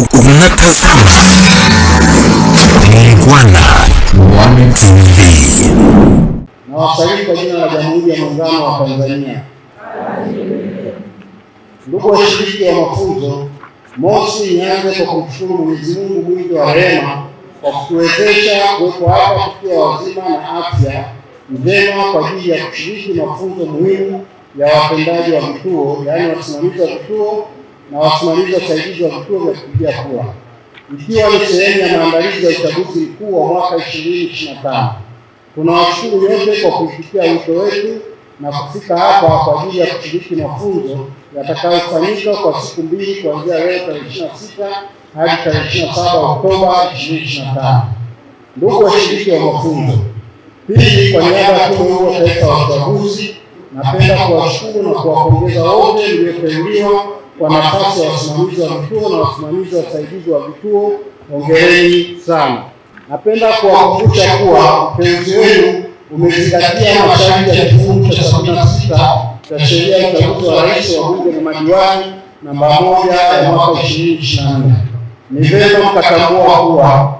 ukumnaksu Muungwana One TV. Nawasalimu kwa jina la Jamhuri ya Muungano wa Tanzania. Ndugu washiriki wa mafunzo, mosi, nianze kwa kumshukuru Mwenyezi Mungu mwingi wa rehema kwa kutuwezesha kuwepo hapa tukiwa wazima na afya njema kwa ajili ya kushiriki mafunzo muhimu ya watendaji wa vituo, yaani wasimamizi wa vituo na wasimamizi wasaidizi wa vituo vya kupigia kura, ikiwa ni sehemu ya maandalizi ya uchaguzi mkuu wa mwaka 2025. Tunawashukuru nyote kwa kuitikia wito wetu na kufika hapa kwa ajili ya kushiriki mafunzo yatakayofanyika kwa siku mbili kuanzia leo tarehe 26 hadi tarehe 27 Oktoba 2025. Ndugu washiriki wa mafunzo, pili, kwa niaba ya Tume Huru ya Taifa ya Uchaguzi, napenda kuwashukuru na kuwapongeza wote mlioteuliwa kwa nafasi ya wasimamizi wa vituo na wasimamizi wa usaidizi wa vituo, hongereni sana. Napenda kuwakumbusha kuwa uteuzi wenu umezingatia masharti ya kifungu cha sabini na sita cha sheria ya uchaguzi wa rais wa bunge na madiwani namba moja ya mwaka ishirini ishirini na nne. Ni vyema mkatambua kuwa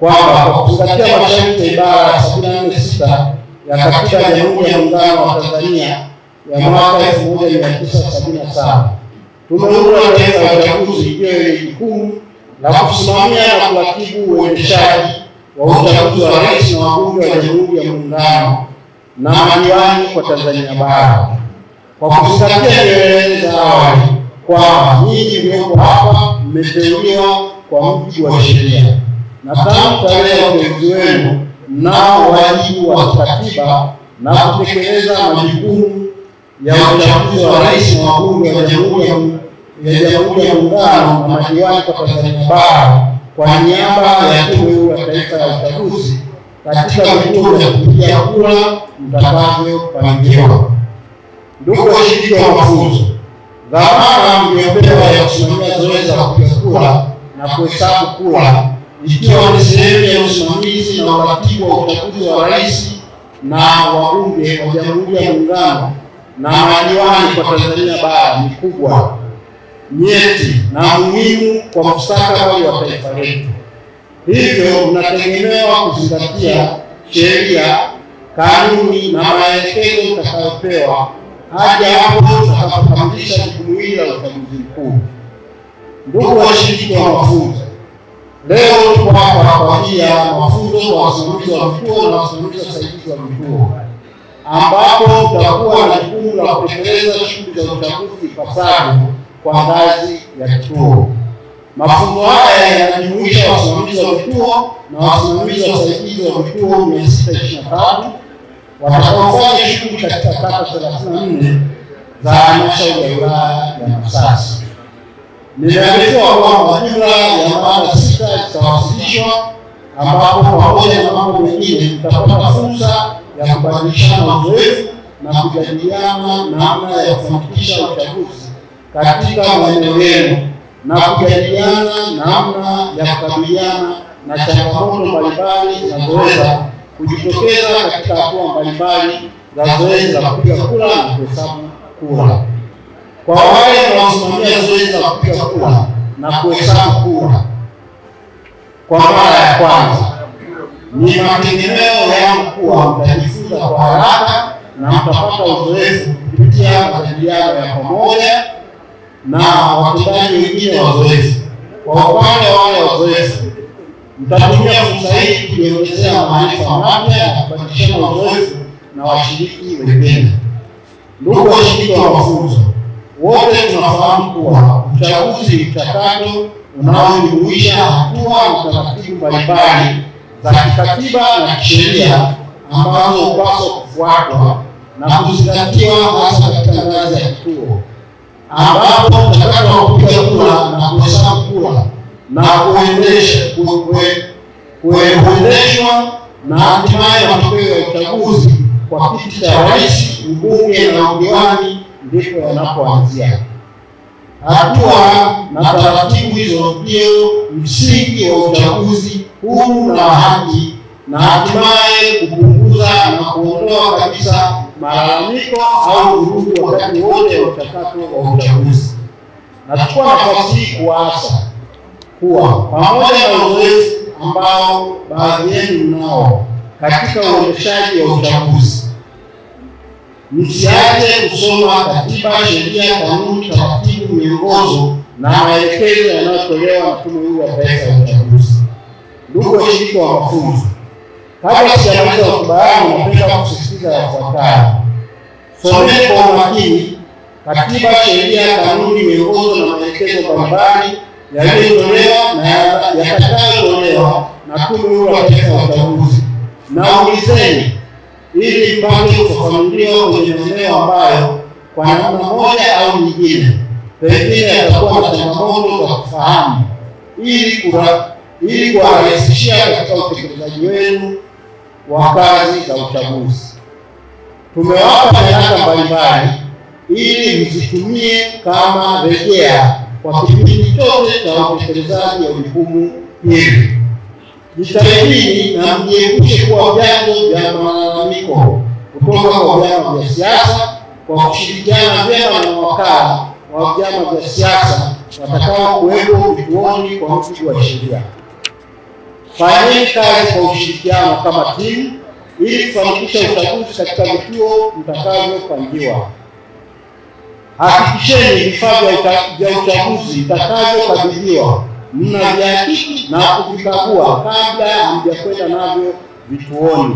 kwamba kwa kuzingatia masharti ya ibara ya sabini na nne sita ya katiba ya Jamhuri ya Muungano wa Tanzania ya mwaka elfu moja mia tisa sabini na saba Tume Huru ya Taifa ya Uchaguzi ndiyo yenye jukumu la kusimamia na kuratibu uendeshaji wa uchaguzi wa rais na wabunge wa Jamhuri ya Muungano na madiwani kwa Tanzania Bara, kwa kuzingatia vielelezo za awali kwamba nyinyi mlioko hapa mmeteuliwa kwa mujibu wa sheria na tangu tarehe ya uteuzi wenu mnao wajibu wa kikatiba na kutekeleza majukumu ya uchaguzi wa rais na wabunge wa Jamhuri ya Jamhuri ya Muungano na madiwani kwa Tanzania Bara kwa niaba ya Tume Huru ya Taifa ya Uchaguzi katika vituo vya kupigia kura mtakavyopangiwa. Ndugu washiriki wa mafunzo, dhamana mliopewa ya kusimamia zoezi la kupiga kura na kuhesabu kura ikiwa ni sehemu ya usimamizi na uratibu wa uchaguzi wa rais na wabunge wa Jamhuri ya Muungano na madiwani kwa Tanzania bara ni kubwa, nyeti na muhimu kwa mustakabali wa taifa letu, hivyo unategemewa kuzingatia sheria, kanuni na maelekezo utakayopewa hadi hapo utakapokamilisha jukumu hili la uchaguzi mkuu. Ndugu washiriki wa mafunzo, leo tupo hapa kwa ajili ya mafunzo kwa wasimamizi wa vituo na wasimamizi wasaidizi wa vituo ambapo utakuwa na jukumu la kutekeleza shughuli za uchaguzi ipasavyo kwa ngazi ya kituo. Mafunzo haya yanajumuisha wasimamizi wa vituo na wasimamizi wasaidizi wa vituo tatu watakaofanya shughuli katika kata 34 za halmashauri ya wilaya ya Masasi. Nimeambiwa kwamba jumla ya mada sita zitawasilishwa ambapo pamoja na mambo mengine tutapata fursa ya kubadilishana mazoezi na kujadiliana namna ya kufanikisha uchaguzi katika maeneo yenu na kujadiliana namna ya kukabiliana na changamoto mbalimbali zinazoweza kujitokeza katika hatua mbalimbali za zoezi la kupiga kura na kuhesabu kura. Kwa wale wanaosimamia zoezi la kupiga kura na kuhesabu kura kwa mara ya kwanza. Ni mategemeo yangu kuwa mtajifunza kwa haraka na mtapata uzoefu kupitia majadiliano ya pamoja na watendaji wengine wazoefu. Kwa upande wale wazoefu, mtatumia fursa hii kujiongezea maarifa mapya na kubadilishana uzoefu na washiriki wengine. Ndugu washiriki wa mafunzo, wote tunafahamu kuwa uchaguzi mchakato unaojumuisha hatua na taratibu mbalimbali za kikatiba na kisheria ambazo hupaswa kufuatwa na kuzingatiwa hasa katika ngazi ya kituo ambapo mchakato wa kupiga kura na kuhesabu kura na kuendeshwa na hatimaye matokeo ya uchaguzi kwa kiti cha rais, ubunge na udiwani ndipo yanapoanzia. Hatua na taratibu hizo ndio msingi wa uchaguzi huru na haki, na hatimaye kupunguza na kuondoa kabisa malalamiko au vurugu wakati wote wa mchakato wa uchaguzi. Nachukua nafasi hii kuwaasa kuwa pamoja na uzoefu ambao baadhi yenu mnao katika uendeshaji wa uchaguzi Msiache kusoma katiba, sheria, kanuni, taratibu, miongozo na maelekezo yanayotolewa na Tume huu ya Taifa ya Uchaguzi. Ndugu washiriki wa mafunzo, kabla sijamaliza hotuba yangu, napenda kusisitiza yafuatayo: someni kwa umakini katiba, sheria, kanuni, miongozo na maelekezo mbalimbali yaliyotolewa na yatakayotolewa na Tume huu ya Taifa ya Uchaguzi na ulizeni ili tupate kufafanuliwa kwenye maeneo ambayo kwa namna moja au nyingine pengine yatakuwa na changamoto za kufahamu, ili ili kuwarahisishia katika utekelezaji wenu wa kazi za uchaguzi. Tumewapa nyaraka mbalimbali ili mzitumie kama rejea kwa kipindi chote cha utekelezaji wa jukumu hili jitahidini na mjiepushe kuwa vyanzo vya malalamiko kutoka kwa vyama vya siasa kwa kushirikiana vyema na mawakala wa vyama vya siasa watakao kuwepo vituoni kwa mujibu wa sheria. Fanyeni kazi kwa ushirikiano kama timu ili kufanikisha uchaguzi katika vituo mtakavyopangiwa. Hakikisheni vifaa vya uchaguzi mtakavyokabidhiwa mnavihakiki na kuvikagua kabla hamjakwenda navyo vituoni.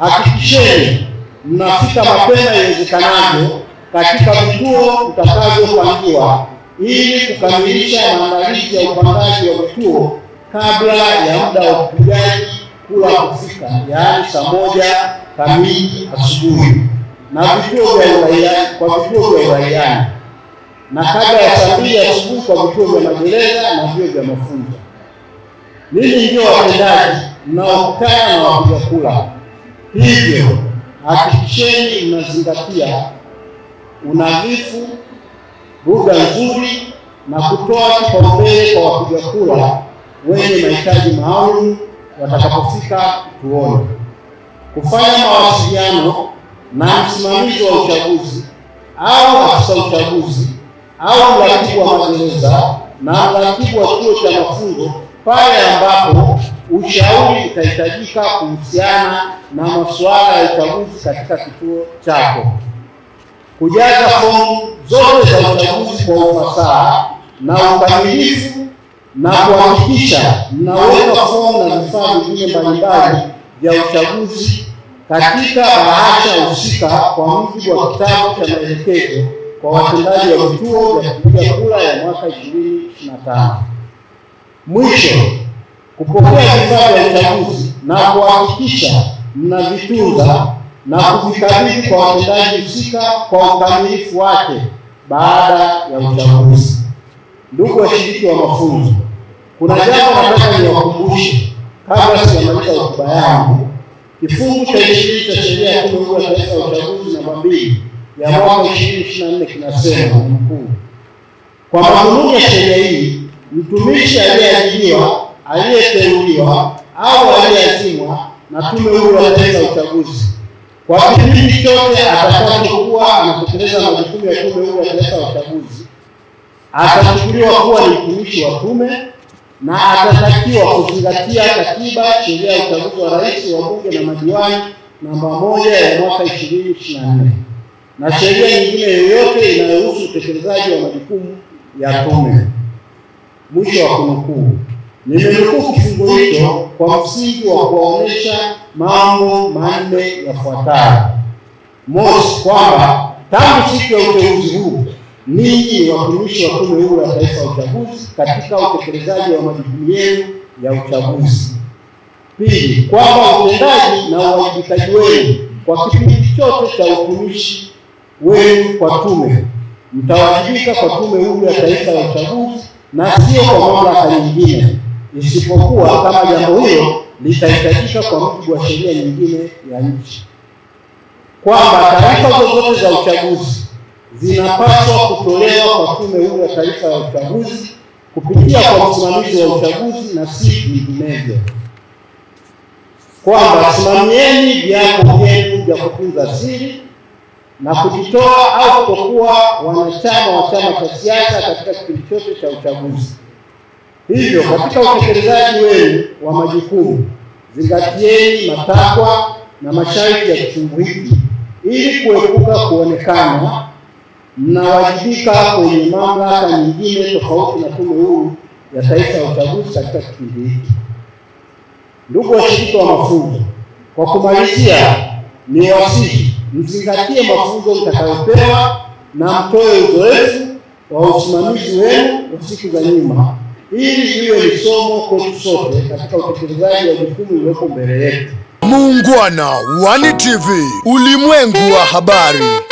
Hakikisheni mnafika mapema iwezekanavyo katika vituo vitakavyopangiwa ili kukamilisha maandalizi ya upangaji wa vituo kabla ya muda wa upigaji kura kufika, yaani saa moja kamili asubuhi na vituo vya uraiani kwa vituo vya uraiani na kabla ya saa mbili asubuhi kwa vituo vya magereza na vituo vya mafunzo. Ninyi ndio watendaji mnaokutana na wapiga kura, hivyo hakikisheni mnazingatia unadhifu, lugha nzuri na kutoa kipaumbele kwa wapiga kura wenye mahitaji maalum watakapofika kituoni. Kufanya mawasiliano na msimamizi wa uchaguzi au afisa uchaguzi au mratibu wa magereza na mratibu wa chuo cha mafunzo pale ambapo ushauri utahitajika kuhusiana na masuala ya uchaguzi katika kituo chako. Kujaza fomu zote za uchaguzi kwa ufasaha na ukamilifu na kuhakikisha mnaweka fomu na vifaa vingine mbalimbali vya uchaguzi katika bahasha husika kwa mujibu wa kitabu cha maelekezo kwa watendaji wa vituo vya kupiga kura ya mwaka 2025. Ah. Mwisho, kupokea vifaa vya uchaguzi na kuhakikisha mnavitunza na kuvikabidhi kwa watendaji husika kwa ukamilifu wake baada ya uchaguzi. Ndugu washiriki wa mafunzo, kuna jambo nataka niwakumbushe kabla sijamaliza hotuba yangu. Kifungu cha ishirini cha sheria ya Tume Huru ya Taifa ya Uchaguzi namba mbili ya mwaka ishirini na nne kinasema nukuu, kwa madhumuni ya sheria hii mtumishi aliyeajiriwa, aliyeteuliwa au aliyeazimwa na Tume Huru ya Taifa ya Uchaguzi kwa kipindi chote atakachokuwa anatekeleza majukumu ya Tume Huru ya Taifa ya Uchaguzi atachukuliwa kuwa ni mtumishi wa tume na atatakiwa kuzingatia Katiba, sheria ya uchaguzi wa rais, wa bunge na madiwani namba moja ya mwaka ishirini ishirini na nne na sheria nyingine yoyote inayohusu utekelezaji wa majukumu ya tume. Mwisho wa kunukuu. Nimenukuu kifungu hicho kwa msingi wa kuwaonyesha mambo manne yafuatayo: mosi, kwamba tangu siku ya uteuzi huu ninyi watumishi wa Tume Huru ya Taifa ya Uchaguzi katika utekelezaji wa majukumu yenu ya uchaguzi; pili, kwamba utendaji na uwajibikaji wenu kwa kipindi chote cha utumishi wenu kwa tume, mtawajibika kwa Tume Huru ya Taifa ya Uchaguzi na sio kwa mamlaka nyingine, isipokuwa kama jambo hilo litahitajika kwa mujibu wa sheria nyingine ya nchi, kwamba taarifa zozote za uchaguzi zinapaswa kutolewa kwa Tume Huru ya Taifa ya Uchaguzi kupitia kwa msimamizi wa uchaguzi na si vinginevyo, kwamba simamieni viapo vyenu vya kutunza siri na kujitoa au kutokuwa wanachama wa chama cha siasa katika kipindi chote cha uchaguzi. Hivyo, katika utekelezaji wenu wa majukumu, zingatieni matakwa na masharti ya kifungu hiki ili kuepuka kuonekana mnawajibika kwenye mamlaka nyingine tofauti na Tume Huru ya Taifa ya Uchaguzi katika kipindi hiki. Ndugu washiriki wa mafunzo, kwa kumalizia, ni wasihi mzingatie mafunzo mtakayopewa na mtoe uzoefu wa usimamizi wenu wa siku za nyuma, ili iwe ni somo kwetu sote katika utekelezaji wa jukumu lililopo mbele yetu. Muungwana One TV, ulimwengu wa habari.